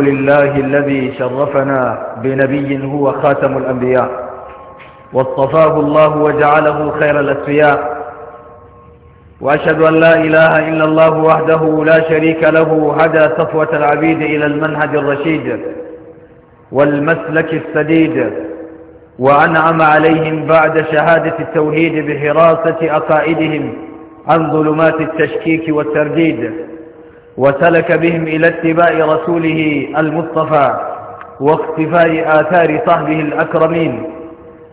الحمد لله الذي شرفنا بنبي هو خاتم الأنبياء واصطفاه الله وجعله خير الأسفياء وأشهد أن لا إله إلا الله وحده لا شريك له هدى صفوة العبيد إلى المنهج الرشيد والمسلك السديد وأنعم عليهم بعد شهادة التوهيد بحراسة أقائدهم عن ظلمات التشكيك والترديد وسلك بهم إلى اتباع رسوله المصطفى واقتفاء آثار صحبه الأكرمين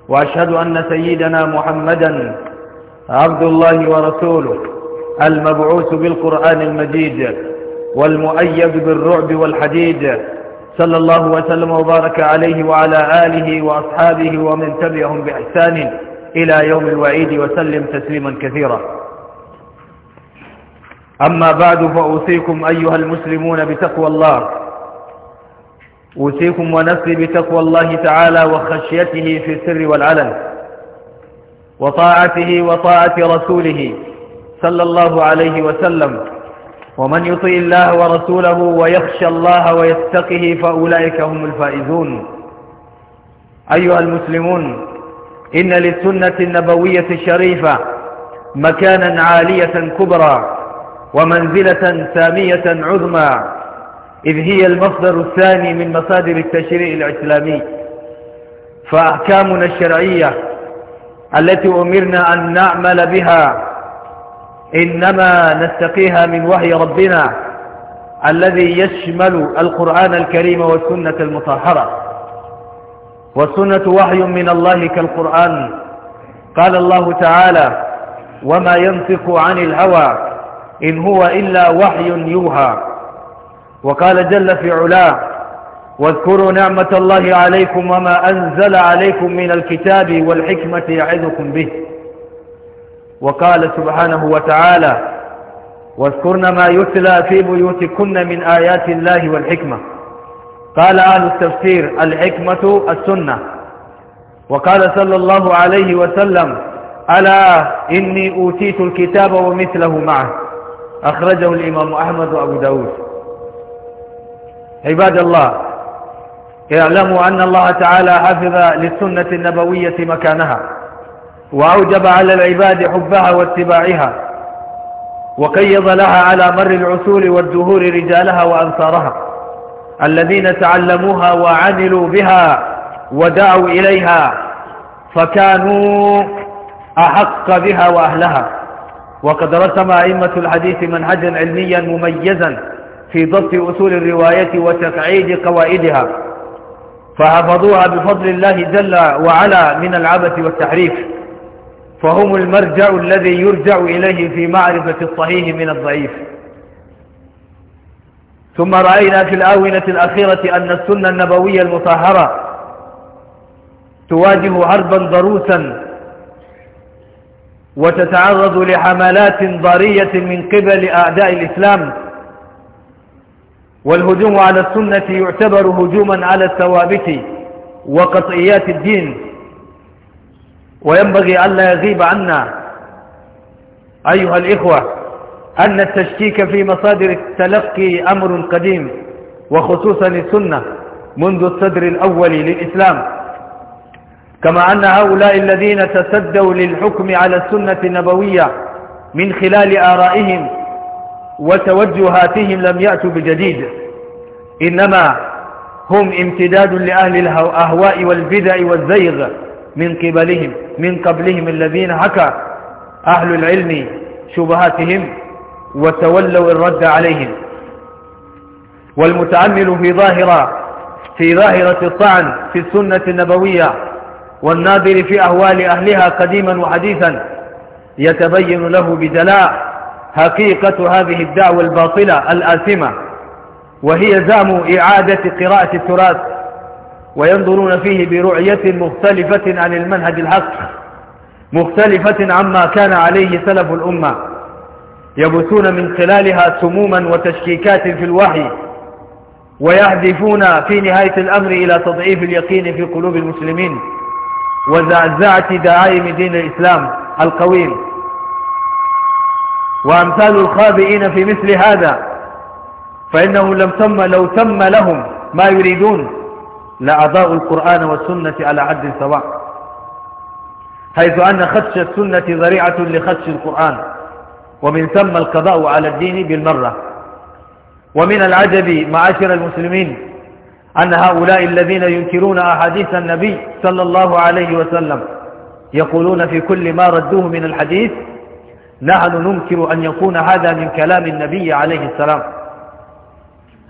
وأشهد أن سيدنا محمدا عبد الله ورسوله المبعوث بالقرآن المجيد والمؤيد بالرعب والحديد صلى الله وسلم وبارك عليه وعلى آله وأصحابه ومن تبعهم بإحسان إلى يوم الوعيد وسلم تسليما كثيرا أما بعد فأوصيكم أيها المسلمون بتقوى الله أوصيكم ونفسي بتقوى الله تعالى وخشيته في السر والعلن وطاعته وطاعة رسوله صلى الله عليه وسلم ومن يطيع الله ورسوله ويخشى الله ويتقه فأولئك هم الفائزون أيها المسلمون إن للسنة النبوية الشريفة مكانا عالية كبرى ومنزلة سامية عظمى إذ هي المصدر الثاني من مصادر التشريع الإسلامي فأحكامنا الشرعية التي أمرنا أن نعمل بها إنما نستقيها من وحي ربنا الذي يشمل القرآن الكريم والسنة المطهرة والسنة وحي من الله كالقرآن قال الله تعالى وما ينطق عن الهوى إن هو إلا وحي يوحى وقال جل في علاه واذكروا نعمة الله عليكم وما أنزل عليكم من الكتاب والحكمة يعظكم به وقال سبحانه وتعالى واذكرن ما يتلى في بيوتكن من آيات الله والحكمة قال أهل التفسير الحكمة السنة وقال صلى الله عليه وسلم ألا إني أوتيت الكتاب ومثله معه أخرجه الإمام أحمد وأبو داود عباد الله اعلموا أن الله تعالى حفظ للسنة النبوية مكانها وأوجب على العباد حبها واتباعها وقيض لها على مر العسول والدهور رجالها وأنصارها الذين تعلموها وعملوا بها ودعوا إليها فكانوا أحق بها وأهلها وقد رسم أئمة الحديث منهجا علميا مميزا في ضبط أصول الرواية وتقعيد قوائدها فحفظوها بفضل الله جل وعلا من العبث والتحريف فهم المرجع الذي يرجع إليه في معرفة الصحيح من الضعيف ثم رأينا في الآونة الأخيرة أن السنة النبوية المطهرة تواجه عرضا ضروسا وتتعرض لحملات ضارية من قبل أعداء الإسلام والهجوم على السنة يعتبر هجوما على الثوابت وقطعيات الدين وينبغي ألا يغيب عنا أيها الإخوة أن التشكيك في مصادر التلقي أمر قديم وخصوصا السنة منذ الصدر الأول للإسلام كما أن هؤلاء الذين تسدوا للحكم على السنة النبوية من خلال آرائهم وتوجهاتهم لم يأتوا بجديد إنما هم امتداد لأهل الأهواء والبدع والزيغ من قبلهم من قبلهم الذين حكى أهل العلم شبهاتهم وتولوا الرد عليهم والمتأمل في ظاهرة في ظاهرة الطعن في السنة النبوية والناظر في أهوال أهلها قديما وحديثا يتبين له بدلاء حقيقة هذه الدعوة الباطلة الآثمة وهي زام إعادة قراءة التراث وينظرون فيه برعية مختلفة عن المنهج الحق مختلفة عما كان عليه سلف الأمة يبثون من خلالها سموما وتشكيكات في الوحي ويهدفون في نهاية الأمر إلى تضعيف اليقين في قلوب المسلمين وزعزعة دعائم دين الإسلام القويم وأمثال الخابئين في مثل هذا فإنه لم تم لو تم لهم ما يريدون لأضاء القرآن والسنة على عد سواء حيث أن خدش السنة ذريعة لخدش القرآن ومن ثم القضاء على الدين بالمرة ومن العجب معاشر المسلمين أن هؤلاء الذين ينكرون أحاديث النبي صلى الله عليه وسلم يقولون في كل ما ردوه من الحديث نحن ننكر أن يكون هذا من كلام النبي عليه السلام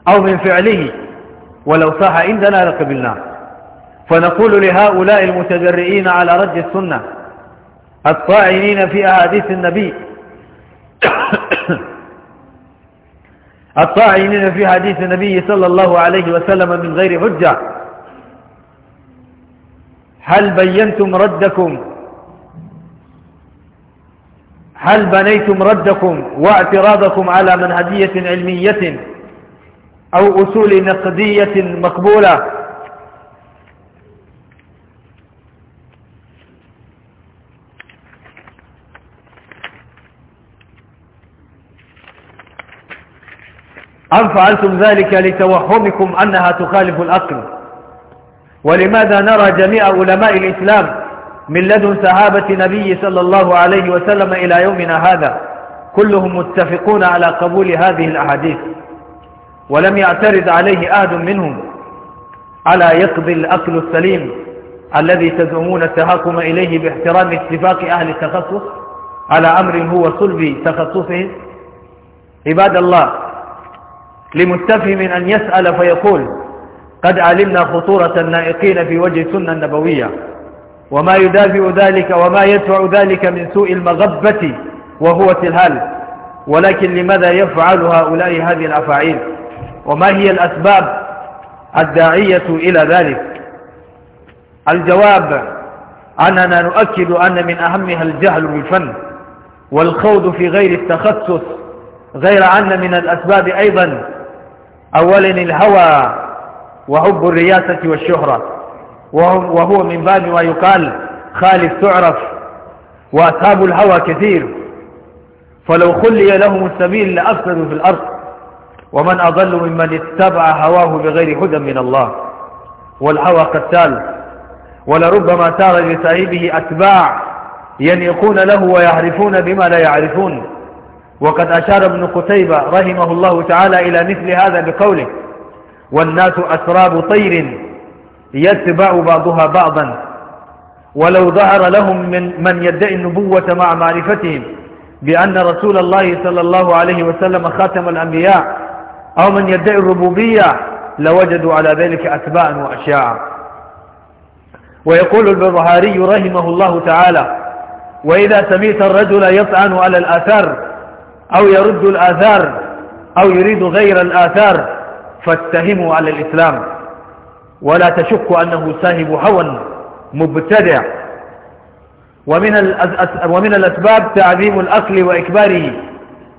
أو من فعله ولو صح عندنا لقبلناه فنقول لهؤلاء المتجرئين على رد السنة الطاعنين في أحاديث النبي الطاعنين في حديث النبي صلى الله عليه وسلم من غير حجة هل بينتم ردكم هل بنيتم ردكم واعتراضكم على منهجية علمية أو أصول نقدية مقبولة أم فعلتم ذلك لتوهمكم أنها تخالف الأقل ولماذا نرى جميع علماء الإسلام من لدن صحابة نبي صلى الله عليه وسلم إلى يومنا هذا كلهم متفقون على قبول هذه الأحاديث ولم يعترض عليه أحد منهم على يقضي الأقل السليم الذي تزعمون التهاكم إليه باحترام اتفاق أهل التخصص على أمر هو صلب تخصصه عباد الله لمتفهم أن يسأل فيقول قد علمنا خطورة النائقين في وجه السنة النبوية وما يدافع ذلك وما يدفع ذلك من سوء المغبة وهو تلهال ولكن لماذا يفعل هؤلاء هذه الأفاعيل وما هي الأسباب الداعية إلى ذلك الجواب أننا نؤكد أن من أهمها الجهل بالفن والخوض في غير التخصص غير أن من الأسباب أيضا أولا الهوى وحب الرياسة والشهرة وهو من باب ما يقال خالف تعرف وأصحاب الهوى كثير فلو خلي لهم السبيل لأفسدوا في الأرض ومن أضل ممن اتبع هواه بغير هدى من الله والهوى قتال ولربما سار لصاحبه أتباع ينيقون له ويعرفون بما لا يعرفون وقد أشار ابن قتيبة رحمه الله تعالى إلى مثل هذا بقوله والناس أسراب طير يتبع بعضها بعضا ولو ظهر لهم من, من يدعي النبوة مع معرفتهم بأن رسول الله صلى الله عليه وسلم خاتم الأنبياء أو من يدعي الربوبية لوجدوا على ذلك أتباعا وأشياعا ويقول البرهاري رحمه الله تعالى وإذا سميت الرجل يطعن على الآثار أو يرد الآثار أو يريد غير الآثار فاتهموا على الإسلام ولا تشك أنه ساهب هوى مبتدع ومن, ومن الأسباب تعذيب الأكل وإكباره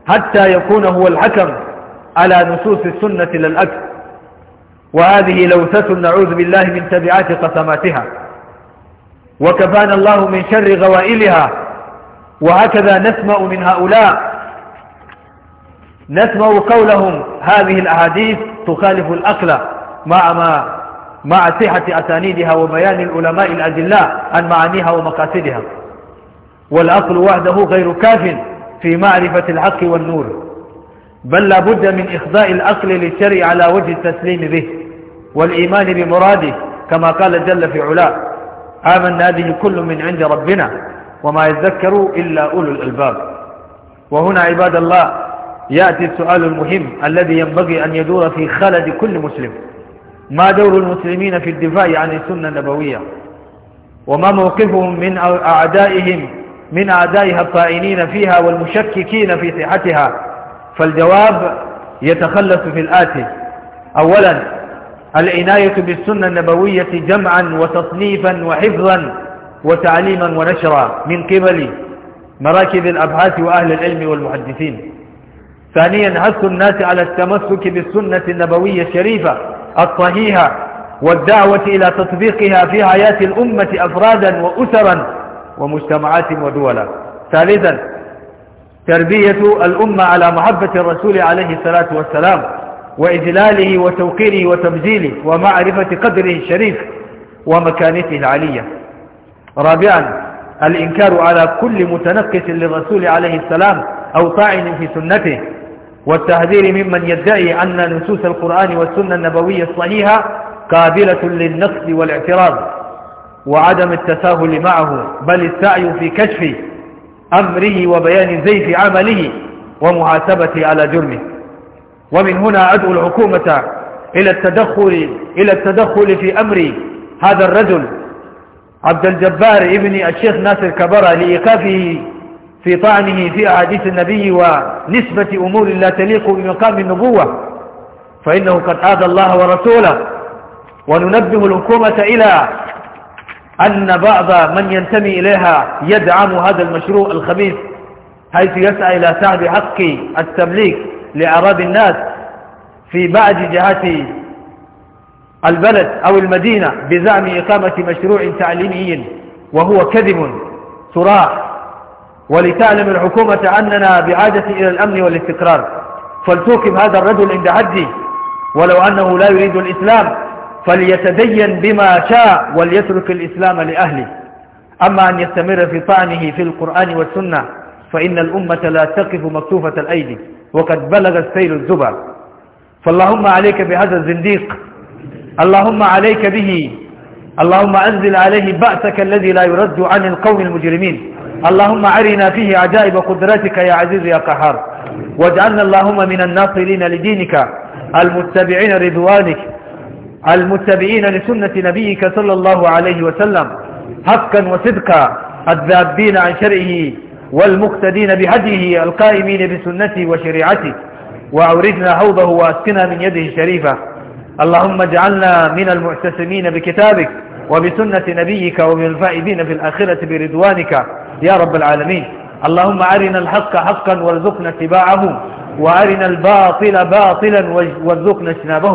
حتى يكون هو الحكم على نصوص السنة للأكل وهذه لوثة نعوذ بالله من تبعات قسماتها وكفانا الله من شر غوائلها وهكذا نسمأ من هؤلاء نسمع قولهم هذه الأحاديث تخالف الأقل مع ما مع صحة أسانيدها وبيان العلماء الأجلاء عن معانيها ومقاصدها والعقل وحده غير كاف في معرفة الحق والنور بل لابد من إخضاء العقل للشرع على وجه التسليم به والإيمان بمراده كما قال جل في علاه آمنا به كل من عند ربنا وما يذكر إلا أولو الألباب وهنا عباد الله يأتي السؤال المهم الذي ينبغي أن يدور في خلد كل مسلم ما دور المسلمين في الدفاع عن السنة النبوية وما موقفهم من أعدائهم من أعدائها الطائنين فيها والمشككين في صحتها فالجواب يتخلص في الآتي أولا العناية بالسنة النبوية جمعا وتصنيفا وحفظا وتعليما ونشرا من قبل مراكز الأبحاث وأهل العلم والمحدثين ثانيا حث الناس على التمسك بالسنة النبوية الشريفة الصحيحة والدعوة إلى تطبيقها في حياة الأمة أفرادا وأسرا ومجتمعات ودولا ثالثا تربية الأمة على محبة الرسول عليه الصلاة والسلام وإجلاله وتوقيره وتبجيله ومعرفة قدره الشريف ومكانته العالية رابعا الإنكار على كل متنقص للرسول عليه السلام أو طاعن في سنته والتحذير ممن يدعي أن نصوص القرآن والسنة النبوية الصحيحة قابلة للنقد والاعتراض وعدم التساهل معه بل السعي في كشف أمره وبيان زيف عمله ومحاسبته على جرمه ومن هنا أدعو الحكومة إلى التدخل إلى التدخل في أمر هذا الرجل عبد الجبار ابن الشيخ ناصر كبرة لإيقافه في طعنه في أحاديث النبي ونسبة أمور لا تليق بمقام النبوة فإنه قد آذى الله ورسوله وننبه الحكومة إلى أن بعض من ينتمي إليها يدعم هذا المشروع الخبيث حيث يسعى إلى سحب حق التمليك لأعراض الناس في بعض جهات البلد أو المدينة بزعم إقامة مشروع تعليمي وهو كذب صراح ولتعلم الحكومة أننا بحاجة إلى الأمن والاستقرار فلتوكب هذا الرجل عند حده ولو أنه لا يريد الإسلام فليتدين بما شاء وليترك الإسلام لأهله أما أن يستمر في طعنه في القرآن والسنة فإن الأمة لا تقف مكتوفة الأيدي وقد بلغ السيل الزبر فاللهم عليك بهذا الزنديق اللهم عليك به اللهم أنزل عليه بأسك الذي لا يرد عن القوم المجرمين اللهم أرنا فيه عجائب قدرتك يا عزيز يا قهار واجعلنا اللهم من الناصرين لدينك المتبعين رضوانك المتبعين لسنة نبيك صلى الله عليه وسلم حقا وصدقا الذابين عن شرعه والمقتدين بهديه القائمين بسنته وشريعته وأوردنا حوضه وأسكنا من يده الشريفة اللهم اجعلنا من المعتسمين بكتابك وبسنة نبيك ومن الفائزين في الآخرة برضوانك يا رب العالمين اللهم أرنا الحق حقا وارزقنا اتباعه وأرنا الباطل باطلا وارزقنا اجتنابه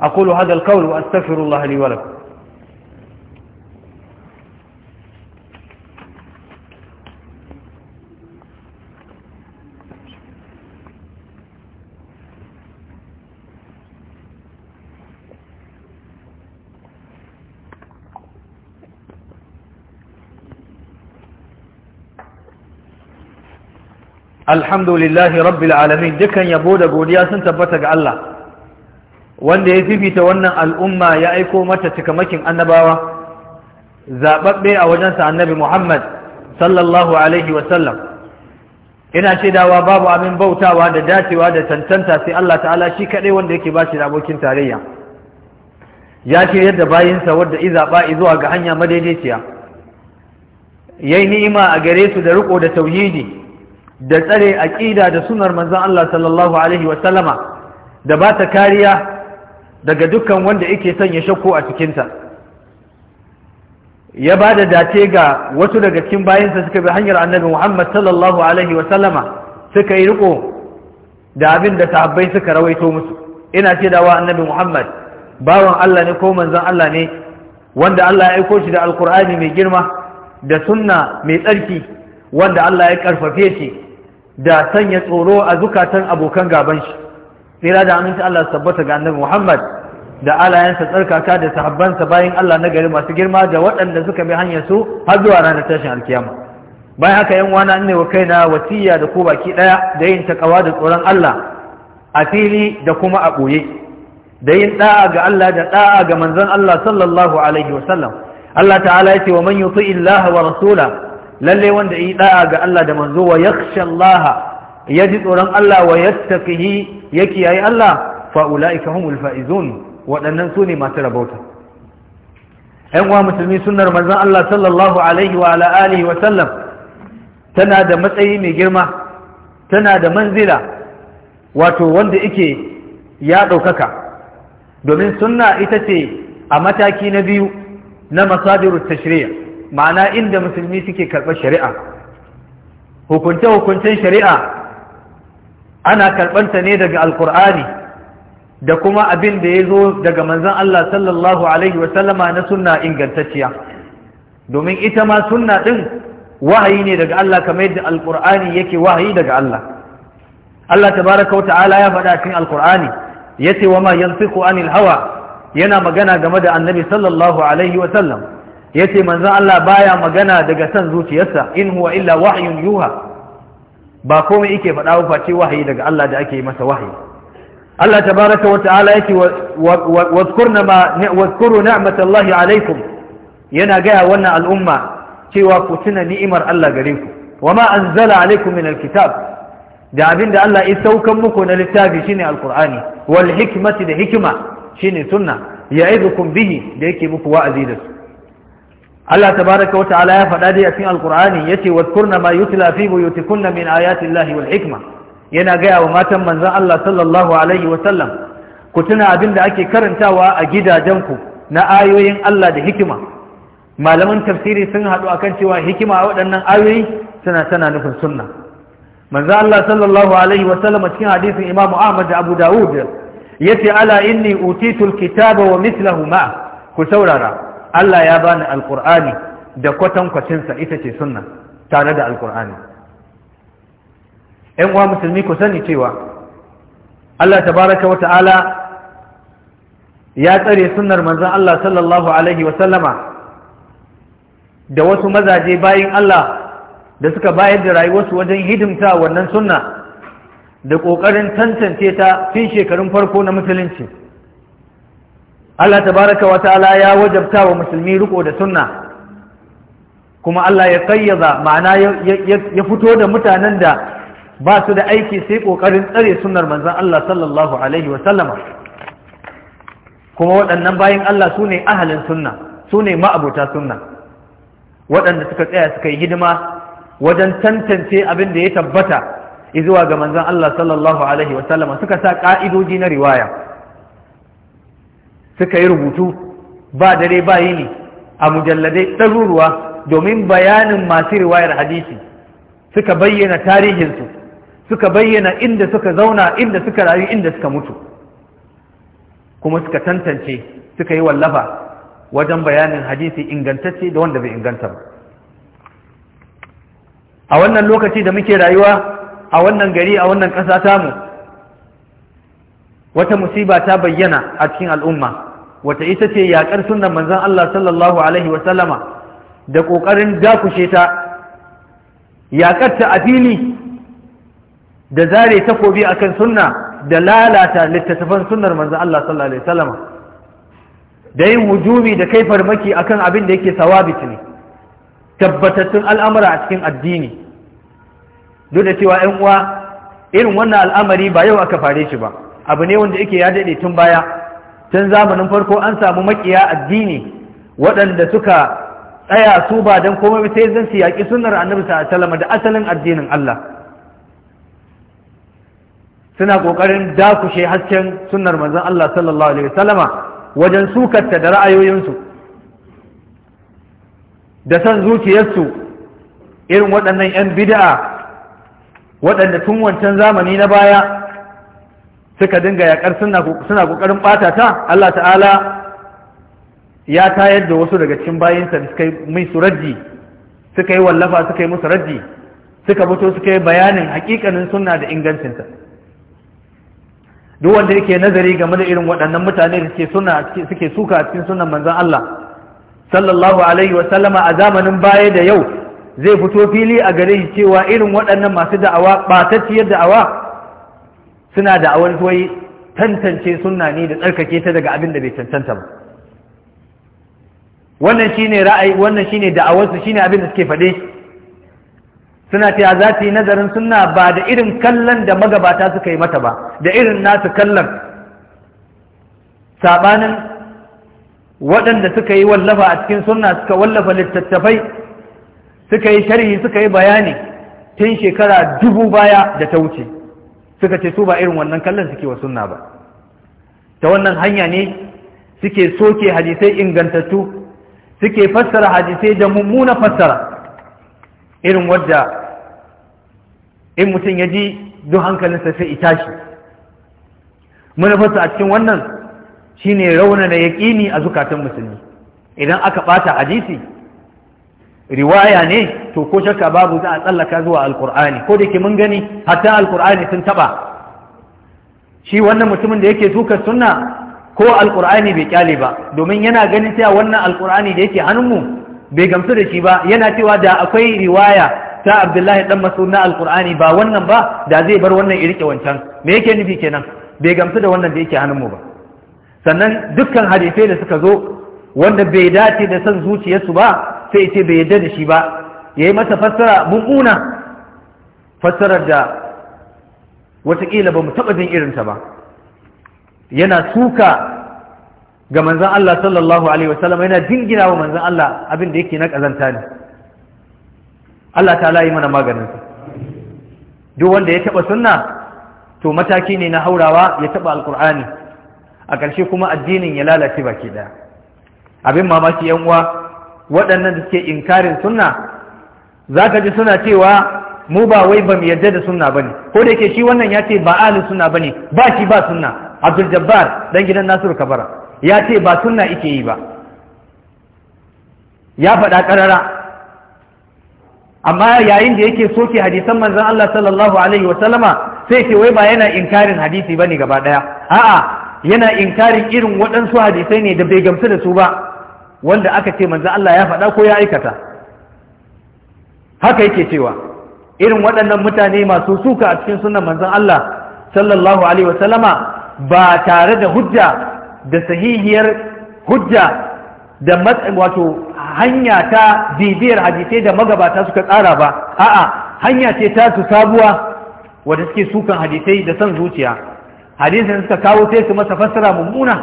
أقول هذا القول وأستغفر الله لي ولكم alhamdulillahi rabbil alamin dukan yabo da godiya sun tabbata ga Allah wanda ya fifita wannan al'umma ya aiko mata cikamakin annabawa zababbe a wajensa annabi Muhammad sallallahu alaihi wa sallam ina shaidawa babu abin bautawa da dacewa da tantanta sai Allah ta'ala shi kadai wanda yake bashi da abokin tarayya ya shiryar da bayinsa wadda iza ba zuwa ga hanya madaidaiciya yayi ni'ima a gare su da riko da tauhidi da tsare aƙida da sunar manzon Allah sallallahu alaihi wa sallama da ba ta kariya daga dukkan wanda yake son ya shakko a cikinta ya ba da dace ga wasu daga cikin bayansa suka bi hanyar annabi Muhammad sallallahu alaihi wa sallama suka yi riko da abin da sahabbai suka rawaito musu ina ce wa annabi Muhammad bawan Allah ne ko manzon Allah ne wanda Allah ya aiko shi da alkur'ani mai girma da sunna mai tsarki wanda Allah ya karfafe shi da sanya tsoro a zukatan abokan gaban shi tsira da aminci Allah tabbata ga annabi Muhammad da alayansa tsarkaka da sahabbansa bayan Allah na gari masu girma da waɗanda suka bi hanyar su har zuwa ranar tashin alkiyama bayan haka yan wana ne wa kaina wasiya da ko baki ɗaya da yin takawa da tsoron Allah a fili da kuma a ɓoye da yin da'a ga Allah da da'a ga manzon Allah sallallahu alaihi wasallam Allah ta'ala ya ce wa man yuti illaha wa rasula lalle wanda yi da'a ga Allah da manzo wa yakhsha Allah ya ji tsoron Allah wa yattaqihi ya kiyaye Allah fa ulaika humul faizun waɗannan su ne masu rabauta ƴan uwa musulmi sunnar manzon Allah sallallahu alaihi wa ala alihi wa sallam tana da matsayi mai girma tana da manzila wato wanda yake ya ɗaukaka domin sunna ita ce a mataki na biyu na masadirut tashri'a ma'ana inda musulmi suke karɓar shari'a hukunce-hukuncen shari'a ana ta ne daga alkur'ani da kuma abin da ya zo daga manzan Allah sallallahu Alaihi wasallama na sunna ingantacciya domin ita ma sunna ɗin wahayi ne daga Allah kamar yadda alkur'ani yake wahayi daga Allah Allah tabaraka wa ta'ala ya faɗa cikin alkur'ani ce wa ma 'yansu anil hawa yana magana game da annabi sallallahu alaihi wa sallam yace manzon Allah baya magana daga san zuciyarsa in huwa illa wahyun yuha ba komai yake faɗa ba face wahayi daga Allah da ake yi masa wahayi Allah tabaraka wa ta'ala yake wazkurna ma wazkuru ni'matallahi alaikum yana gaya wannan al'umma cewa ku tuna ni'imar Allah gare ku wama anzala alaikum min alkitab da abinda Allah ya saukan muku na littafi shine alqur'ani wal hikmati da hikima shine sunna ya'idukum bihi da yake muku wa'azi da su Allah tabaraka wa ta'ala ya faɗa dai a cikin alkur'ani yace wadkurna ma yutla fi buyutikunna min ayati llahi wal hikma yana gaya wa matan manzon Allah sallallahu alaihi wa sallam ku tuna abin da ake karantawa a gidajenku na ayoyin Allah da hikima malaman tafsiri sun haɗu akan cewa hikima a waɗannan ayoyi suna tana nufin sunna manzon Allah sallallahu alaihi wa sallam cikin hadisin Imam Ahmad da Abu Dawud yace ala inni utitul kitaba wa mithluhu ma ku saurara Allah ya bani alkur'ani da kwatankwacinsa ita ce sunna tare da alkur'ani ‘yan uwa musulmi ku sani cewa Allah tabaraka wa ta'ala ya tsare sunnar manzan Allah sallallahu Alaihi wasallama da wasu mazaje bayan Allah da suka bayar da rayuwarsu wajen hidimta wannan sunna da ƙoƙarin tantance ta fin shekarun farko na musulunci Allah tabaraka wa ta'ala ya wajabta wa musulmi riko da sunna kuma Allah ya kayyaza ma'ana ya fito da mutanen da ba su da aiki sai kokarin tsare sunnar manzon Allah sallallahu alaihi wa sallama kuma waɗannan bayan Allah su ne ahalin sunna su ne ma'abuta sunna waɗanda suka tsaya suka yi hidima wajen tantance abin da ya tabbata izuwa ga manzon Allah sallallahu alaihi wa sallama suka sa ka'idoji na riwaya suka yi rubutu ba dare ba yini a mujalladai ɗaruruwa domin bayanin masu riwayar hadisi suka bayyana tarihinsu suka bayyana inda suka zauna inda suka rayu inda suka mutu kuma suka tantance suka yi wallafa wajen bayanin hadisi ingantacce da wanda bai inganta ba a wannan lokaci da muke rayuwa a wannan gari a wannan ƙasa tamu wata musiba ta bayyana a cikin al'umma wata ita ce yaƙar sunan manzan Allah sallallahu Alaihi wasallama da ƙoƙarin dakushe ta yaƙar ta a fili da zare takobi a kan sunna da lalata littattafan sunnar manzan Allah sallallahu Alaihi wasallama da yin hujumi da kai farmaki a kan abin da yake sawabit ne tabbatattun al'amura a cikin addini duk da cewa ‘yan uwa irin wannan al'amari ba yau aka fare shi ba abu ne wanda yake ya daɗe tun baya tun zamanin farko an samu makiya addini waɗanda suka tsaya su ba don komai sai zan su yaƙi sunar annabi sa salama, da asalin addinin Allah suna ƙoƙarin dakushe hasken sunar manzon Allah sallallahu alaihi wasallama wajen sukarta da ra'ayoyinsu da san zuciyarsu irin waɗannan 'yan bid'a waɗanda tun wancan zamani na baya suka dinga yakar suna kokarin bata ta Allah ta'ala ya tayar da wasu daga cikin bayinsa da suka yi mai suraji suka yi wallafa suka yi musu raji suka fito suka yi bayanin hakikanin suna da ingancinta duk wanda yake nazari game da irin waɗannan mutane da suke suka a cikin sunan manzan Allah sallallahu alaihi wa sallama a zamanin baya da yau zai fito fili a gare shi cewa irin waɗannan masu da'awa ɓatacciyar da'awa suna da awar tantance sunna ne da tsarkake ta daga abin da bai cancanta ba wannan shine ra'ayi wannan shine da'awarsu shine abin da suke faɗe suna ta za yi nazarin sunna ba da irin kallon da magabata suka yi mata ba da irin nasu kallon saɓanin waɗanda suka yi wallafa a cikin sunna suka wallafa littattafai suka yi sharhi suka yi bayani tun shekara dubu baya da ta wuce suka ce su ba irin wannan kallon suke wa sunna ba ta wannan hanya ne suke soke hadisai ingantattu suke fassara hadisai da mummuna fassara irin wadda in mutum ya ji duk hankalinsa sai itashi manufarsa a cikin wannan shine raunana yaƙini a zukatun musulmi idan aka ɓata hadisi riwaya ne to ko shakka babu za a tsallaka zuwa alkur'ani ko da ke mun gani hatta alkur'ani sun taba shi wannan mutumin da yake suka sunna ko alkur'ani bai kyale ba domin yana ganin cewa wannan alkur'ani da yake hannunmu bai gamsu da shi ba yana cewa da akwai riwaya ta abdullahi dan mas'ud na alkur'ani ba wannan ba da zai bar wannan irke wancan me yake nufi kenan bai gamsu da wannan da yake hannunmu ba sannan dukkan hadisai da suka zo wanda bai dace da san zuciyarsu ba sai ce bai yarda da shi ba yayi mata fassara mummuna fassarar da watakila ba mu taɓa jin irinta ba yana suka ga manzan Allah sallallahu alaihi wasallam yana jingina wa manzan Allah abin da yake na ƙazanta ne Allah ta layi mana maganinsa duk wanda ya taɓa sunna to mataki ne na haurawa ya taɓa alkur'ani a ƙarshe kuma addinin ya lalace baki ɗaya abin mamaki yan uwa waɗannan da suke inkarin sunna za ka ji suna cewa mu ba wai ba mu yarda da sunna ne. ko da ke shi wannan ya ce ba ahli sunna ne, ba shi ba sunna Abdul Jabbar dan gidan Nasiru Kabara ya ce ba sunna ike yi ba ya faɗa ƙarara amma yayin da yake soke hadisan manzon Allah sallallahu alaihi wa sallama sai ce wai ba yana inkarin hadisi bane gaba daya a'a yana inkarin irin waɗansu hadisai ne da bai gamsu da su ba wanda aka ce manzon Allah ya faɗa ko ya aikata haka yake cewa irin waɗannan mutane masu suka a cikin sunan manzon Allah sallallahu alaihi wasallama ba tare da hujja da sahihiyar hujja da wato hanya ta bibiyar hadisai da magabata suka tsara ba a'a hanya ce ta su sabuwa wadda suke sukan hadisai da son zuciya hadisin suka kawo sai su masa fassara mummuna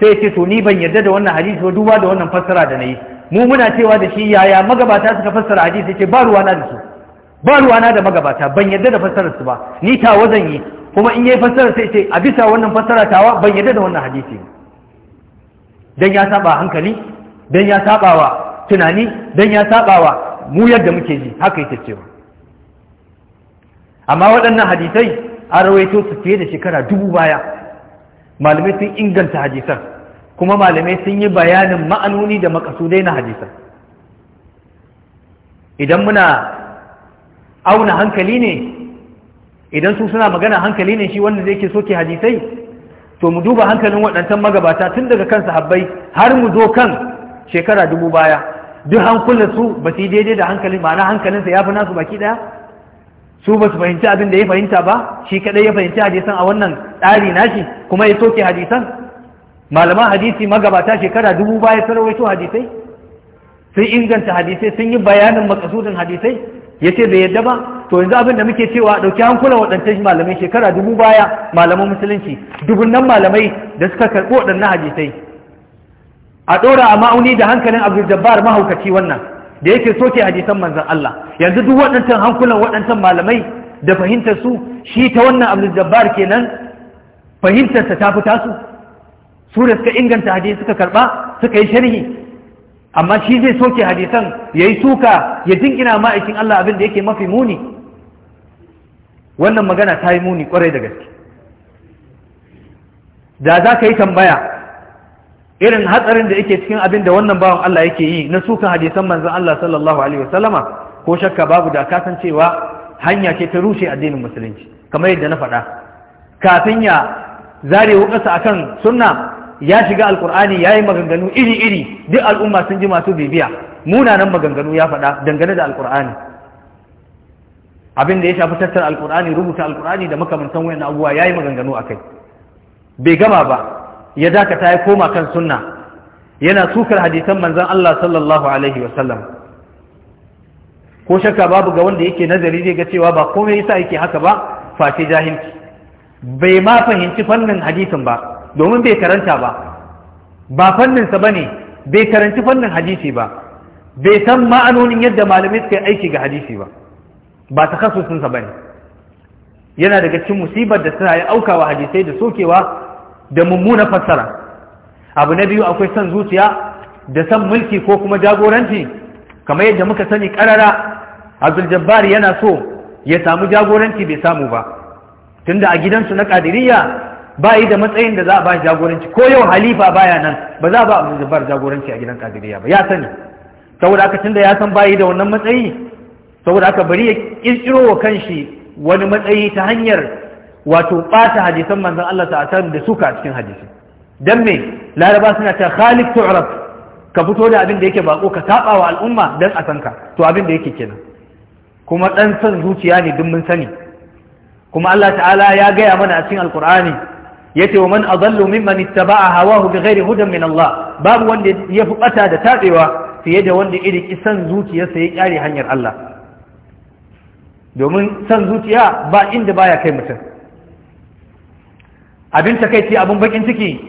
sai ce to ni ban yarda da wannan hadisi ba duba da wannan fassara da na yi mu muna cewa da shi yaya magabata suka fassara hadisi ce ba ruwana da su ba ruwana da magabata ban yadda da fassarar su ba ni tawa zan yi kuma in yayi fassara sai ce a bisa wannan fassara tawa ban yadda da wannan hadisi dan ya saba hankali dan ya sabawa tunani dan ya sabawa mu yadda muke ji haka yake cewa amma waɗannan hadisai an rawaito su fiye da shekara dubu baya malamai sun inganta hadisan kuma malamai sun yi bayanin ma'anoni da makasudai na hadisan idan muna auna hankali ne idan su suna magana hankali ne shi wanda zai ke soke hadisai to mu duba hankalin waɗantan magabata tun daga kan sahabbai har mu zo kan shekara dubu baya duk hankulan su ba su yi daidai da hankali ma'ana hankalinsa ya fi nasu baki ɗaya su ba su fahimci abin da ya fahimta ba shi kaɗai ya fahimci hadisan a wannan tsari nashi kuma ya soke hadisan malaman hadisi magabata shekara dubu baya sarwaito hadisai sun inganta hadisai sun yi bayanin makasudin hadisai ya ce bai yadda ba to yanzu abin da muke cewa a ɗauki hankulan waɗancan malamai shekara dubu baya malaman musulunci dubunnan malamai da suka karɓi waɗannan hadisai a ɗora a ma'auni da hankalin abu jabbar mahaukaci wannan da yake soke hadisan manzan Allah yanzu duk waɗancan hankulan waɗancan malamai da fahimtar su shi ta wannan abu jabbar kenan fahimtarsa ta fi tasu su da suka inganta hadisi suka karba suka yi sharhi amma shi zai soke hadisan yi suka ya jingina ma'aikin Allah abin da yake mafi muni wannan magana ta yi muni kwarai da gaske da za ka yi tambaya irin hatsarin da yake cikin abin da wannan bawan Allah yake yi na sukan hadisan manzon Allah sallallahu alaihi wasallama ko shakka babu da kasancewa hanya ce ta rushe addinin musulunci kamar yadda na faɗa kafin ya zare wukarsa akan sunna ya shiga alkur'ani ya yi maganganu iri-iri duk al'umma sun ji masu bibiya munanan maganganu ya faɗa dangane da alkur'ani abin da ya shafi tattar alkur'ani rubuta alkur'ani da makamantan wayan abubuwa ya yi maganganu a kai bai gama ba ya dakata ya koma kan sunna yana sukar hadisan manzan Allah sallallahu alaihi wasallam ko shakka babu ga wanda yake nazari zai ga cewa ba komai yasa yake haka ba face jahilci bai ma fahimci fannin hadisin ba domin bai karanta ba ba fanninsa ba ne bai karanci fannin hadisi ba bai san ma'anonin yadda malamai suka yi aiki ga hadisi ba ba ta kasusunsa ba ne yana daga cikin musibar da suna yi aukawa hadisai da sokewa da mummuna fassara abu na biyu akwai son zuciya da son mulki ko kuma jagoranci kamar yadda muka sani karara abdul yana so ya samu jagoranci bai samu ba tunda a gidansu na kadiriyya ba yi da matsayin da za a ba jagoranci ko yau halifa baya nan ba za a ba abu jabbar jagoranci a gidan kadiriyya ba ya sani saboda aka tunda ya san ba yi da wannan matsayi saboda aka bari ya kirkiro wa kanshi wani matsayi ta hanyar wato ɓata hadisan manzon Allah ta asarin da suka a cikin hadisi dan me laraba suna ta khalif tu'rab ka fito da abin da yake bako ka saba wa al'umma dan a sanka to abin da yake kenan kuma dan san zuciya ne duk mun sani kuma Allah ta'ala ya gaya mana a cikin alqur'ani yace wa man adallu mimman ittaba'a hawahu bighairi hudan min Allah babu wanda ya fi bata da tabewa fiye da wanda irin kisan zuciyarsa ya kyare hanyar Allah domin san zuciya ba inda baya kai mutum abin takaici abin bakin ciki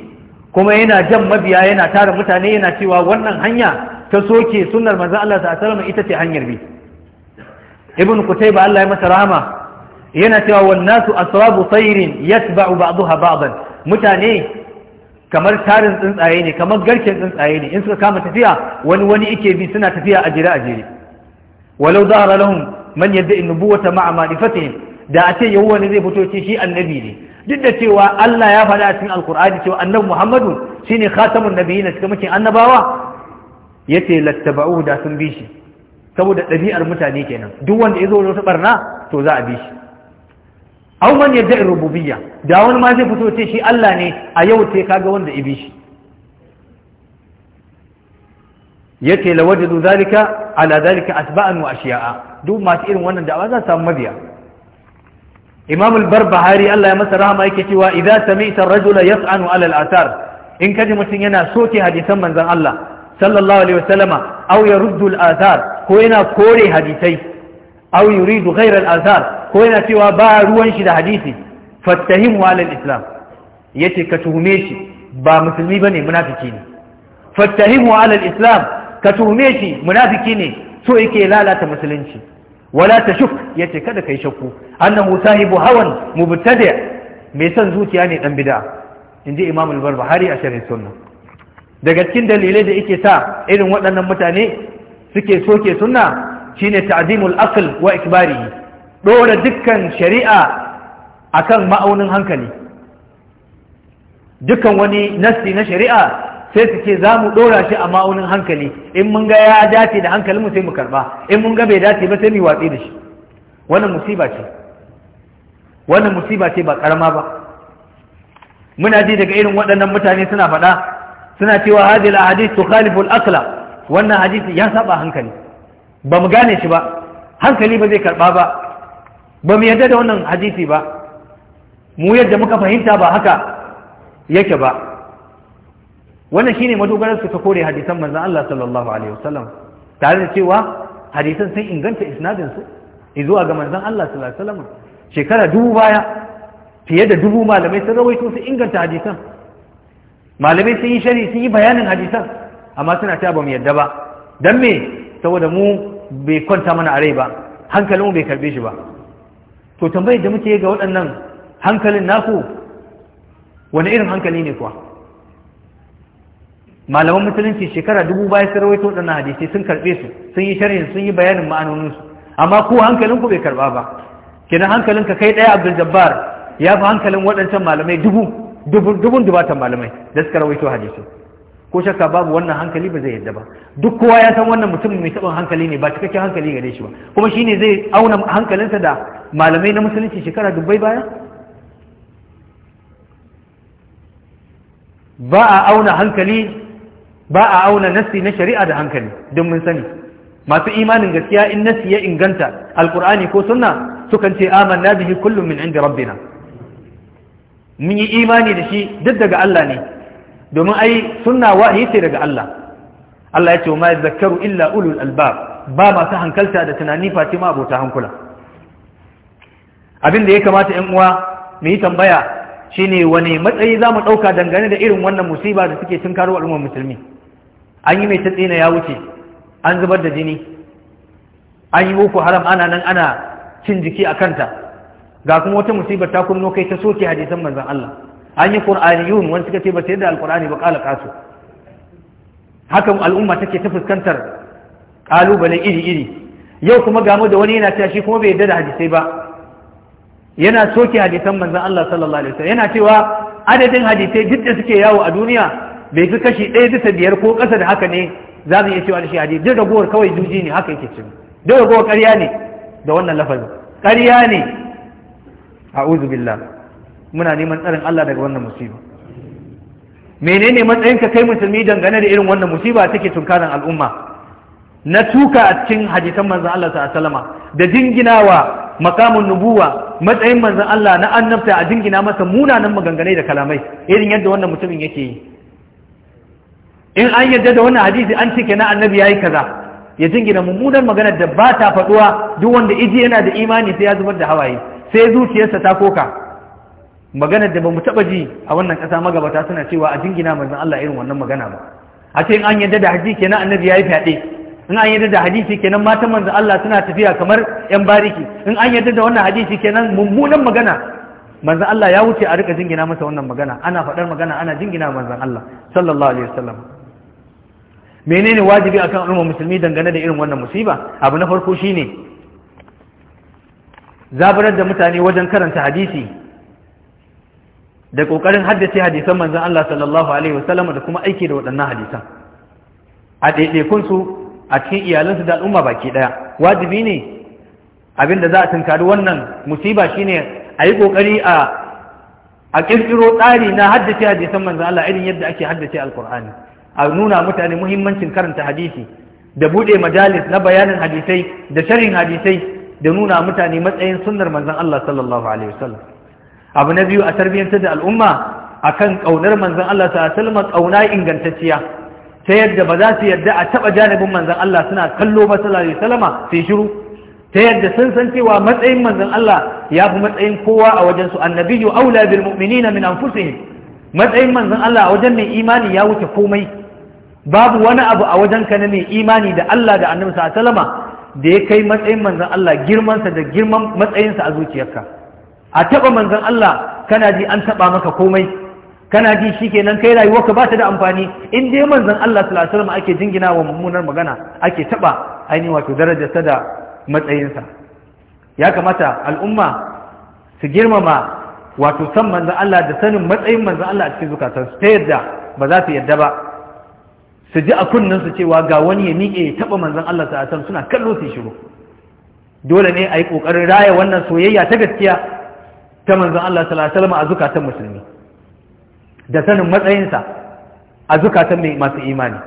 kuma yana jan mabiya yana tara mutane yana cewa wannan hanya ta soke sunnar manzon Allah sallallahu alaihi wasallam ita ce hanyar bi ibn kutaiba Allah ya masa rahama yana cewa wannasu asrabu tsairin yatba'u ba'daha ba'dan mutane kamar tarin tsuntsaye ne kamar garken tsuntsaye ne in suka kama tafiya wani wani ike bi suna tafiya a jira a jere walau za lahum man yadda'i nubuwata ma'a ma'rifatihim da a ce yahu wani zai fito ce shi annabi ne duk da cewa Allah ya faɗa a cikin alkur'ani cewa annabi Muhammadu shine khatamun nabiyina cikin mukin annabawa yace lattaba'u da sun bi shi saboda ɗabi'ar mutane kenan duk wanda ya zo wata barna to za a bi shi aw man yad'i rububiyya da wani ma zai fito ce shi Allah ne a yau sai kaga wanda ibi shi yake lawajadu zalika ala zalika asba'an wa ashiya'a duk masu irin wannan da'awa za su samu mabiya imam al-barbahari Allah ya masa rahama yake cewa idza sami'ta ar-rajula yas'anu ala al-athar in kaji mutum yana soke hadisan manzon Allah sallallahu alaihi wasallama aw yaruddu al-athar ko yana kore hadisai aw yuridu ghayra al-athar ko yana cewa ba ruwan shi da hadisi fattahimu ala al-islam yace ka tuhume shi ba musulmi bane munafiki ne fattahimu ala al-islam ka tuhume shi munafiki ne so yake lalata musulunci wala tashuk yace kada kai shakku annahu sahibu hawan mubtadi' mai son zuciya ne dan bid'a inji imam al-barbahari a sharhi sunna daga cikin dalilai da yake sa irin waɗannan mutane suke soke sunna shine ta'zimul aql wa ikbarihi dora dukkan shari'a akan ma'aunin hankali dukkan wani nassi na shari'a sai su ce za mu dora shi a ma'aunin hankali in mun ga ya dace da hankalinmu sai mu karba in mun ga bai dace ba sai mu watsi da shi wannan musiba ce wannan musiba ce ba karama ba muna ji daga irin waɗannan mutane suna faɗa suna cewa hadil ahadith tukhalifu al-aqla wannan hadisi ya saba hankali ba mu gane shi ba hankali ba zai karɓa ba ba mu yadda da wannan hadisi ba mu yadda muka fahimta ba haka yake ba wannan shine madogarar su ta kore hadisan manzon Allah sallallahu alaihi wasallam tare da cewa hadisan sun inganta isnadin su zuwa ga manzon Allah sallallahu alaihi wasallam shekara dubu baya fiye da dubu malamai sun rawaito su inganta hadisan malamai sun yi shari sun yi bayanin hadisan amma suna ta ba mu yadda ba dan me saboda mu bai kwanta mana a rai ba hankalinmu bai karbe shi ba to tambayar da muke ga waɗannan hankalin naku wani irin hankali ne kuwa malaman musulunci shekara dubu baya sun rawaito waɗannan hadisi sun karɓe su sun yi sharhin sun yi bayanin ma'anoninsu amma ko hankalin ku bai karba ba kenan hankalin ka kai ɗaya abdul jabbar ya fi hankalin waɗancan malamai dubu dubun dubatan malamai da suka rawaito hadisi ko shakka babu wannan hankali ba zai yadda ba duk kowa ya san wannan mutum mai taɓin hankali ne ba cikakken hankali gare shi ba kuma shi ne zai auna hankalinsa da malamai na musulunci shekara dubbai baya ba a auna hankali ba a auna nassi na shari'a da hankali don mun sani masu imanin gaskiya in nassi ya inganta alkur'ani ko sunna sukan ce na bihi kullum min inda rabbina mun yi imani da shi duk daga Allah ne domin ai sunna wahayi ce daga Allah Allah ya ce ma zakaru illa ulul albab ba masu hankalta da tunani fatima abota hankula abin da ya kamata ƴan uwa mu yi tambaya shine wane matsayi za mu ɗauka dangane da irin wannan musiba da suke tunkaro al'ummar musulmi an yi mai tatsina ya wuce an zubar da jini an yi boko haram ana nan ana cin jiki a kanta ga kuma wata musibar ta kunno kai ta soke hadisan manzon Allah an yi qur'aniyun wani suka ce ba ta yadda alqur'ani ba qala qasu haka al'umma take ta fuskantar kalubale iri iri yau kuma gamu da wani yana cewa shi kuma bai yadda da hadisai ba yana soke hadisan manzon Allah sallallahu alaihi wasallam yana cewa adadin hadisai duk da suke yawo a duniya bai fi kashi ɗaya bisa biyar ko ƙasa da haka ne za mu iya cewa da shi hadisi duk ragowar kawai juji ne haka yake cewa duk ragowar ƙarya ne da wannan lafazin ƙarya ne a'udhu billah muna neman tsarin Allah daga wannan musiba menene matsayin ka kai musulmi dangane da irin wannan musiba take tunkaran al'umma na tuka a cikin hadisan manzon Allah ta sallama da jinginawa makamun nubuwa matsayin manzon Allah na annabta a jingina masa munanan maganganai da kalamai irin yadda wannan mutumin yake yi in an yadda da wannan hadisi an ce na annabi yi kaza ya jingina mummunan maganar da ba ta faɗuwa duk wanda iji yana da imani sai ya zubar da hawaye sai zuciyarsa ta koka maganar da ba mu taɓa ji a wannan ƙasa magabata suna cewa a jingina manzon Allah irin wannan magana ba a ce in an yadda da hadisi kenan annabi ya yi fyaɗe in an yadda da hadisi kenan matan manzon Allah suna tafiya kamar yan bariki in an yadda da wannan hadisi kenan mummunan magana manzon Allah ya wuce a rika jingina masa wannan magana ana faɗar magana ana jingina manzon Allah sallallahu alaihi wasallam menene wajibi akan al'umma musulmi dangane da irin wannan musiba abu na farko shine zaburar da mutane wajen karanta hadisi da kokarin haddace hadisan manzan Allah sallallahu alaihi wasallam da kuma aiki da waɗannan hadisan a ɗaiɗaikun su a cikin iyalansu da al'umma baki ɗaya wajibi ne abin da za a tunkari wannan musiba shine a yi kokari a ƙirƙiro tsari na haddace hadisan manzon Allah irin yadda ake haddace alkur'ani a nuna mutane muhimmancin karanta hadisi da buɗe majalis na bayanin hadisai da sharhin hadisai da nuna mutane matsayin sunnar manzan Allah sallallahu alaihi wasallam abu na biyu a tarbiyyantar da al'umma akan ƙaunar manzan Allah ta ingantacciya ta yadda ba za su yadda a taba janibin manzan Allah suna kallo ba sallallahu alaihi wasallama sai shiru ta yadda sun san cewa matsayin manzan Allah ya fi matsayin kowa a wajen su annabiyyu aula bil mu'minina min matsayin manzan Allah a wajen mai imani ya wuce komai babu wani abu a wajen ka na mai imani da Allah da annabi sallallahu da ya kai matsayin manzan Allah girmansa da girman matsayinsa a zuciyarka a taɓa manzan Allah kana ji an taɓa maka komai kana ji shi shikenan kai rayuwar ka bata da amfani in dai manzon Allah sallallahu alaihi wasallam ake jingina wa mummunar magana ake taɓa ainihin wato darajarsa da matsayinsa ya kamata al'umma su girmama wato san manzon Allah da sanin matsayin manzon Allah a cikin su ta yadda ba za su yadda ba su ji a kunnen su cewa ga wani ya miƙe ya taɓa manzon Allah sallallahu alaihi wasallam suna kallo su shiru dole ne a yi ƙoƙarin raya wannan soyayya ta gaskiya ta manzon Allah sallallahu alaihi a zukatan musulmi da sanin matsayinsa a zukatan mai masu imani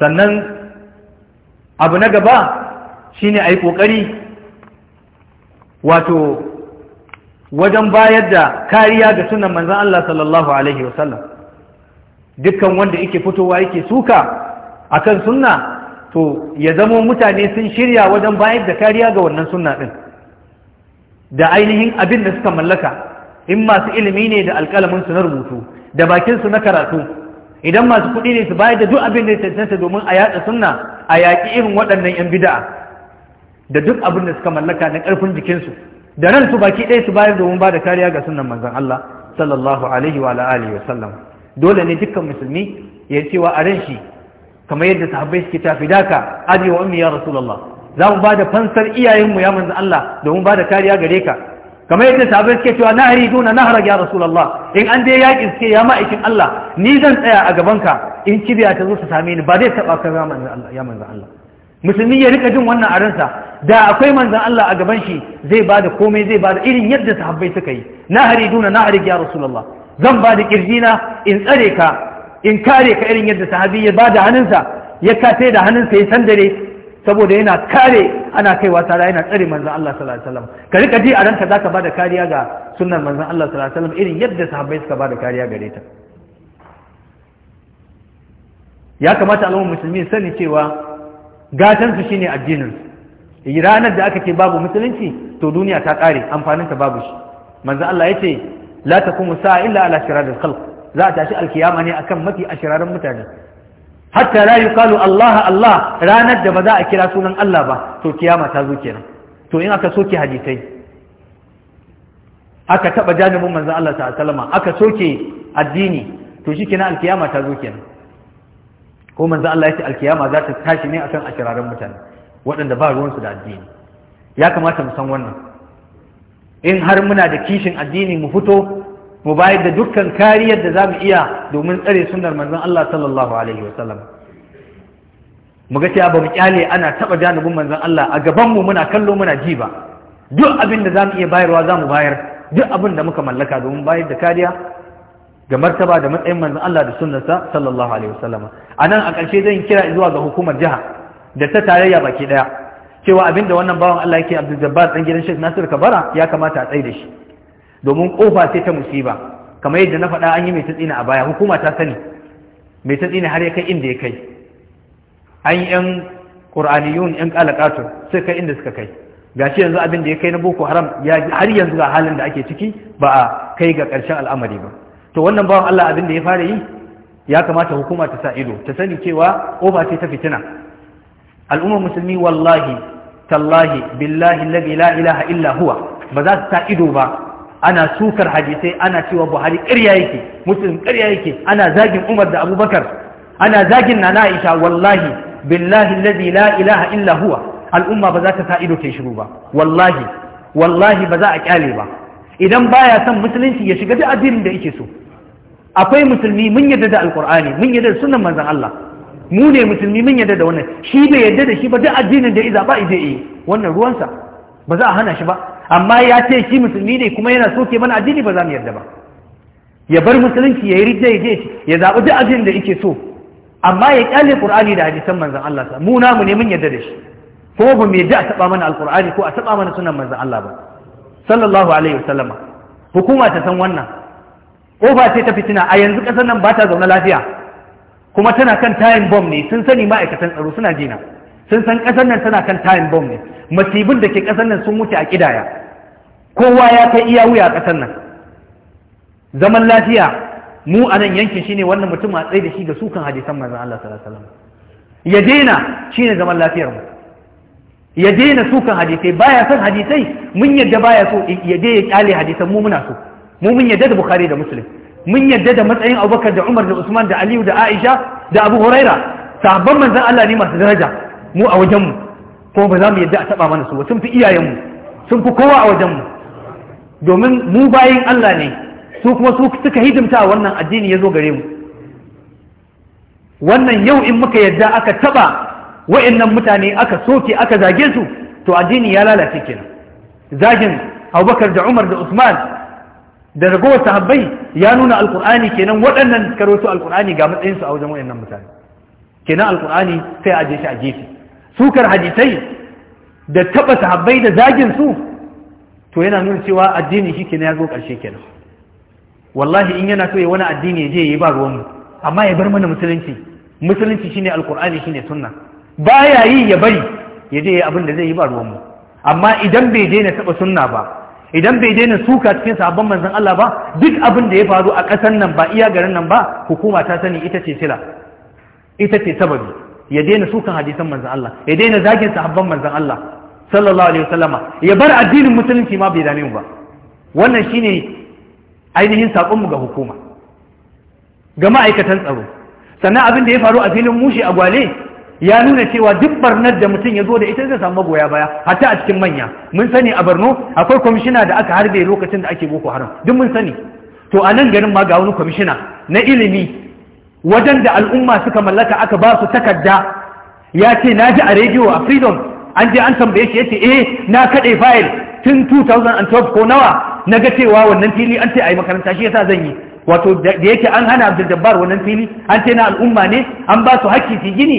sannan abu na gaba shine a yi ƙoƙari wato wajen bayar da kariya ga sunan manzan Allah sallallahu Alaihi wasallam dukkan wanda yake fitowa yake suka akan sunna to ya zamo mutane sun shirya wajen bayar da kariya ga wannan sunna ɗin da ainihin abin da suka mallaka in masu ilimi ne da alƙalamin su na rubutu da bakin su na karatu idan masu kuɗi ne su bayar da duk abin da ya cancanta domin a yaɗa sunna a yaƙi irin waɗannan 'yan bida'a da duk abin da suka mallaka na ƙarfin jikinsu da nan su baki ɗaya su bayar domin ba da kariya ga sunan manzon Allah sallallahu alaihi wa alihi wa sallam dole ne dukkan musulmi ya cewa a ran shi kamar yadda sahabbai suke tafi daka abi wa ya rasulullah za mu ba da fansar iyayenmu ya manzo Allah domin ba da kariya gare ka kamar yadda sahabbai suke cewa na hari hariduna na haraga ya rasulullah in an dai yaƙi suke ya ma'aikin Allah ni zan tsaya a gabanka in kibiya ta zo su same ni ba zai taɓa ka ya manzo Allah ya manzo Allah musulmi ya rika jin wannan a ransa da akwai manzan Allah a gaban shi zai ba da komai zai ba da irin yadda sahabbai suka yi na hari hariduna na haraga ya rasulullah zan ba da kirjina in tsare ka in kare ka irin yadda sahabi ya ba da hannunsa ya kafe da hannunsa ya sandare saboda yana kare ana kai kaiwa tara yana tsare manzon Allah sallallahu alaihi wasallam ka rika ji a ranka zaka bada kariya ga sunnar manzon Allah sallallahu alaihi wasallam irin yadda sahabbai suka bada kariya gare ta ya kamata al'ummar musulmi sani cewa gatan su shine addinin ranar da aka ce babu musulunci to duniya ta kare amfanin ta babu shi Manzan Allah yace la takumu sa'a illa ala shirar al khalq za a tashi alkiyama ne akan mafi ashirarin mutane hatta la yuqalu Allah Allah ranar da ba za a kira sunan Allah ba to kiyama ta zo kenan to in aka soke hadisai aka taba janibin manzon Allah sallallahu alaihi wasallam aka soke addini to shikenan alkiyama ta zo kenan ko manzon Allah ya ce alkiyama za ta tashi ne akan akirarin mutane waɗanda ba ruwansu da addini ya kamata mu san wannan in har muna da kishin addini mu fito mu bayar da dukkan kariyar da za mu iya domin tsare sunar manzon Allah sallallahu alaihi wasallam mu ga cewa ba mu kyale ana taba janibin manzon Allah a gaban mu muna kallo muna ji ba duk abin da mu iya bayarwa zamu bayar duk abin da muka mallaka domin bayar da kariya ga martaba da matsayin manzon Allah da sunnarsa sallallahu alaihi anan a ƙarshe zan kira zuwa ga hukumar jiha da ta tarayya baki daya cewa abinda wannan bawan Allah yake Abdul Jabbar dan gidan Sheikh Nasir Kabara ya kamata a tsaye da shi domin kofa sai ta musiba kamar yadda na faɗa an yi mai tsina a baya hukuma ta sani mai tsina har ya kai inda ya kai an yi yan ƙur'aniyun yan qalaqatu sai kai inda suka kai gashi yanzu abin da ya kai na boko haram har yanzu ga halin da ake ciki ba a kai ga ƙarshen al'amari ba to wannan bawan Allah abin da ya fara yi ya kamata hukuma ta sa ido ta sani cewa oba sai ta fitina al'ummar musulmi wallahi tallahi billahi alladhi la ilaha illa huwa ba za su sa ido ba ana sukar hadisai ana cewa buhari ƙarya yake muslim ƙarya yake ana zagin umar da abubakar ana zagin na aisha wallahi billahi allazi la ilaha illa huwa al'umma ba za ta sa ido ta shiru ba wallahi wallahi ba za a kyale ba idan baya son musulunci ya shiga duk addinin da yake so akwai musulmi mun yadda da alqur'ani mun yadda da sunan manzon Allah mu ne musulmi mun yadda da wannan shi bai yadda da shi ba duk addinin da ya zaba ije yi wannan ruwansa ba za a hana shi ba amma ya ce shi musulmi ne kuma yana soke mana addini ba za mu yarda ba ya bar musulunci ya yi rijiya ya je ya zaɓi duk abin da yake so amma ya kyale qur'ani da hadisan manzon Allah sa mu namu ne mun yarda da shi ko ba mu yarda a taba mana alqur'ani ko a taba mana sunan manzon Allah ba sallallahu alaihi wasallama hukuma ta san wannan ba ce ta fitina a yanzu kasar nan ba ta zaune lafiya kuma tana kan tayin bomb ne sun sani ma'aikatan tsaro suna jina sun san ƙasar nan tana kan time bomb ne masibin da ke ƙasar nan sun mutu a ƙidaya kowa ya kai iya wuya a ƙasar nan zaman lafiya mu a nan yankin shine wannan mutum a tsaye da shi ga sukan hadisan manzon Allah sallallahu alaihi wasallam ya daina shine zaman lafiyar mu ya daina sukan hadisai baya son hadisai mun yadda baya so ya daina kyale hadisan mu muna so mu mun yadda da Bukhari da Muslim mun yadda da matsayin Abubakar da Umar da Usman da Aliyu da Aisha da Abu Huraira sahabban manzon Allah ne masu daraja mu a wajenmu ko ba za mu yadda a taba mana su sun fi iyayenmu sun fi kowa a wajenmu domin mu bayan Allah ne su kuma su suka hidimta wannan addini ya zo gare mu wannan yau in muka yadda aka taba wa'annan mutane aka soke aka zage su to addini ya lalace kenan zagin abubakar da umar da usman da ragowar sahabbai ya nuna alkur'ani kenan waɗannan karoto alkur'ani ga matsayinsu a wajen wa'annan mutane kenan alkur'ani sai a je shi a gefe sukar hadisai da taba sahabbai da zagin su to yana nuna cewa addini shi kenan ya zo karshe kenan wallahi in yana so ya wani addini ya je ya yi ba ruwanmu amma ya bar mana musulunci musulunci shine alkur'ani shine sunna baya yi ya bari ya je abin da zai yi ba ruwanmu amma idan bai daina taba sunna ba idan bai daina suka cikin sabon manzon Allah ba duk abin da ya faru a ƙasar nan ba iya garin nan ba hukuma ta sani ita ce sila ita ce sababi ya daina sukan hadisan manzan Allah ya daina zagin sahabban manzan Allah sallallahu alaihi wasallama ya bar addinin musulunci ma bai dame mu ba wannan shine ainihin sakon mu ga hukuma ga ma'aikatan tsaro sannan abin da ya faru a filin mushi a gwale ya nuna cewa duk barnar da mutum ya zo da ita zai samu magoya baya hatta a cikin manya mun sani a Borno akwai kwamishina da aka harbe lokacin da ake boko haram duk mun sani to a nan garin ma ga wani kwamishina na ilimi wajen da al'umma suka mallaka aka ba su takarda ya ce na ji a rediyo a freedom an je an tambaye shi ya ce eh na kaɗe fayil tun 2012 ko nawa na ga cewa wannan fili an ce a yi makaranta shi yasa zan yi wato da yake an hana abdul jabbar wannan fili an ce na al'umma ne an ba su hakki su gini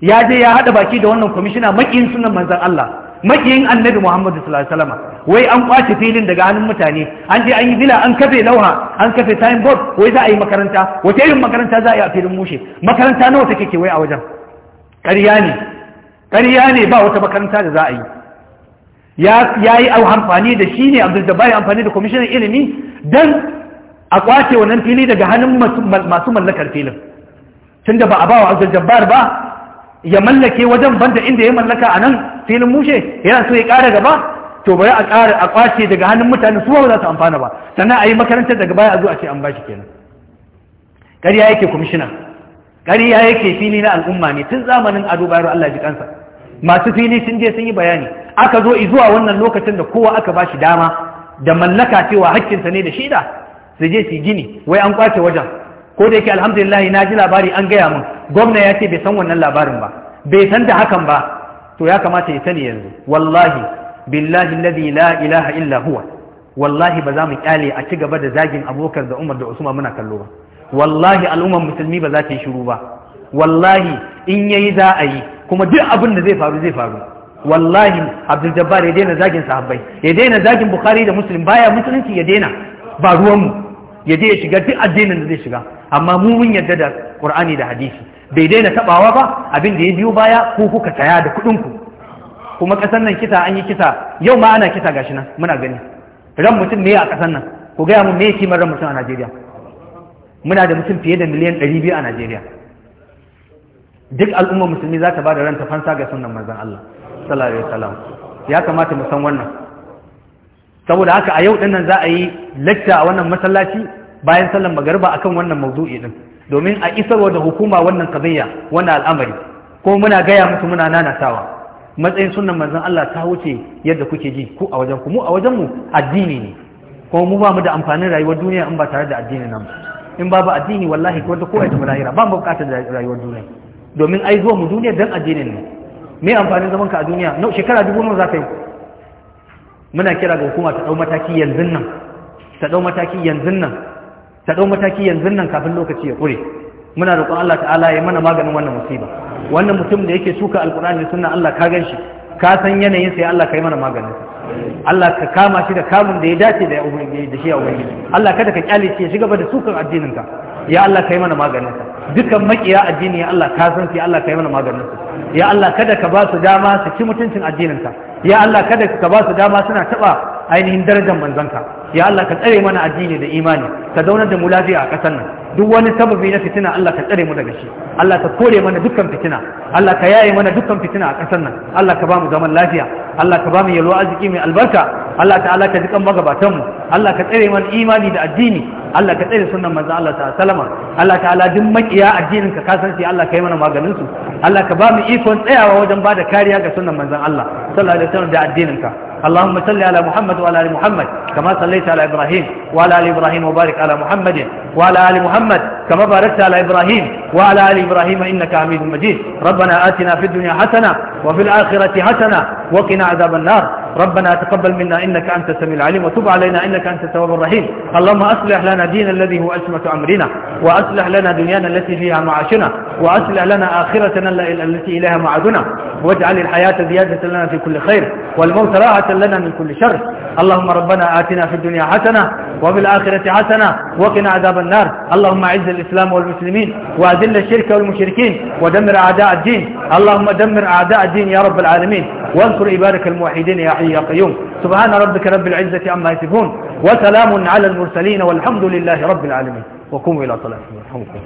ya je ya haɗa baki da wannan kwamishina makin sunan manzan Allah makiyin annabi Muhammad sallallahu alaihi wasallam wai an kwace filin daga hannun mutane an je an yi bila an kafe lauha an kafe signboard wai za a yi makaranta wace irin makaranta za a yi a filin mushe makaranta nawa take wai a wajen ƙarya ne ƙarya ne ba wata makaranta da za a yi ya yi amfani da shi ne abdul jabbar amfani da kwamishinan ilimi Dan a kwace wannan fili daga hannun masu mallakar filin tunda ba a ba wa abdul jabbar ba ya mallake wajen banda inda ya mallaka a nan filin mushe yana so ya ƙara gaba to bari a ƙara a kwace daga hannun mutane su ba za su amfana ba sannan a yi makarantar daga baya a zo a ce an bashi kenan ƙarya yake kwamishina ƙarya yake fili na al'umma ne tun zamanin ado bayar Allah ji kansa masu fili sun je sun yi bayani aka zo zuwa wannan lokacin da kowa aka bashi dama da mallaka cewa hakkinsa ne da shida su je su gini wai an kwace wajen ko da yake alhamdulillah na ji labari an gaya min gwamna ya ce bai san wannan labarin ba bai san da hakan ba to ya kamata ya sani yanzu wallahi billahi alladhi la ilaha illa huwa wallahi ba za mu kyale a ci gaba da zagin abokar da Umar da Usman muna kallo ba wallahi al'ummar musulmi ba za ta yi shiru ba wallahi in yayi za a yi kuma duk abin da zai faru zai faru wallahi Abdul Jabbar ya daina zagin sahabbai ya daina zagin Bukhari da Muslim baya musulunci ya daina ba ruwan mu ya je ya shiga duk addinin da zai shiga amma mu mun yarda da Qur'ani da hadisi bai daina tabawa ba abin da ya biyo baya ku kuka taya da kuɗin ku kuma ƙasar nan kisa an yi kisa yau ma ana kisa gashi nan muna gani ran mutum ne a ƙasar nan ku gaya mun me kimar ran mutum a Najeriya muna da mutum fiye da miliyan ɗari a Najeriya duk al'ummar musulmi za ta ba da ranta fansa ga sunan manzon Allah sallallahu alaihi wasallam ya kamata mu san wannan saboda haka a yau dinnan za a yi lacca a wannan masallaci bayan sallan magariba akan wannan mawdu'i din domin a isarwa da hukuma wannan kabiya wannan al'amari ko muna gaya musu muna nanatawa matsayin sunan manzon Allah ta wuce yadda kuke ji ku a wajen ku mu a wajen mu addini ne kuma mu ba mu da amfanin rayuwar duniya in ba tare da addini nan in babu addini wallahi ko da ko ai lahira ba mu bukatar rayuwar duniya domin ai zuwa mu duniya dan addinin ne me amfanin zaman ka a duniya nau shekara dubu nawa zaka yi muna kira ga hukuma ta dau mataki yanzu nan ta dau mataki yanzu nan ta ɗau mataki yanzu nan kafin lokaci ya ƙure muna roƙon Allah ta'ala ya mana maganin wannan musiba wannan mutum da yake suka alƙur'ani sunna Allah ka gan shi ka san yanayin sai Allah ka yi mana maganin Allah ka kama shi da kamun da ya dace da da shi a ubangiji Allah kada ka kyale shi ya shiga da sukan addinin ka ya Allah ka yi mana maganin ka dukan makiya addini ya Allah ka san sai Allah ka yi mana maganin ya Allah kada ka ba su dama su ci mutuncin addinin ka ya Allah kada ka ba su dama suna taba ainihin darajar manzon ka ya Allah ka tsare mana addini da imani ka zaunar da mu lafiya a ƙasar nan duk wani sababi na fitina Allah ka tsare mu daga shi Allah ka kore mana dukkan fitina Allah ka yaye mana dukkan fitina a ƙasar nan Allah ka bamu zaman lafiya Allah ka bamu yalwa arziki mai albarka Allah ta'ala ka jikan magabatan mu Allah ka tsare mana imani da addini Allah ka tsare sunan manzo Allah ta salama Allah ta'ala duk makiya addinin ka shi Allah ka yi mana maganin su Allah ka bamu ikon tsayawa wajen bada kariya ga sunnan manzon Allah sallallahu alaihi wasallam da addinin ka اللهم صل على محمد وعلى ال محمد كما صليت على ابراهيم وعلى ال ابراهيم وبارك على محمد وعلى ال محمد كما باركت على إبراهيم وعلى آل إبراهيم إنك حميد مجيد ربنا آتنا في الدنيا حسنة وفي الآخرة حسنة وقنا عذاب النار ربنا تقبل منا إنك أنت السميع العليم وتب علينا إنك أنت التواب الرحيم اللهم أصلح لنا دين الذي هو أسمة أمرنا وأصلح لنا دنيانا التي فيها معاشنا وأصلح لنا آخرتنا التي إليها معادنا واجعل الحياة زيادة لنا في كل خير والموت راحة لنا من كل شر اللهم ربنا آتنا في الدنيا حسنة وفي الآخرة حسنة وقنا عذاب النار اللهم أعز الإسلام والمسلمين وأذل الشرك والمشركين ودمر أعداء الدين اللهم دمر أعداء الدين يا رب العالمين واذكر إبارك الموحدين يا حي يا قيوم سبحان ربك رب العزة عما يصفون وسلام على المرسلين والحمد لله رب العالمين وقوموا إلى صلاتكم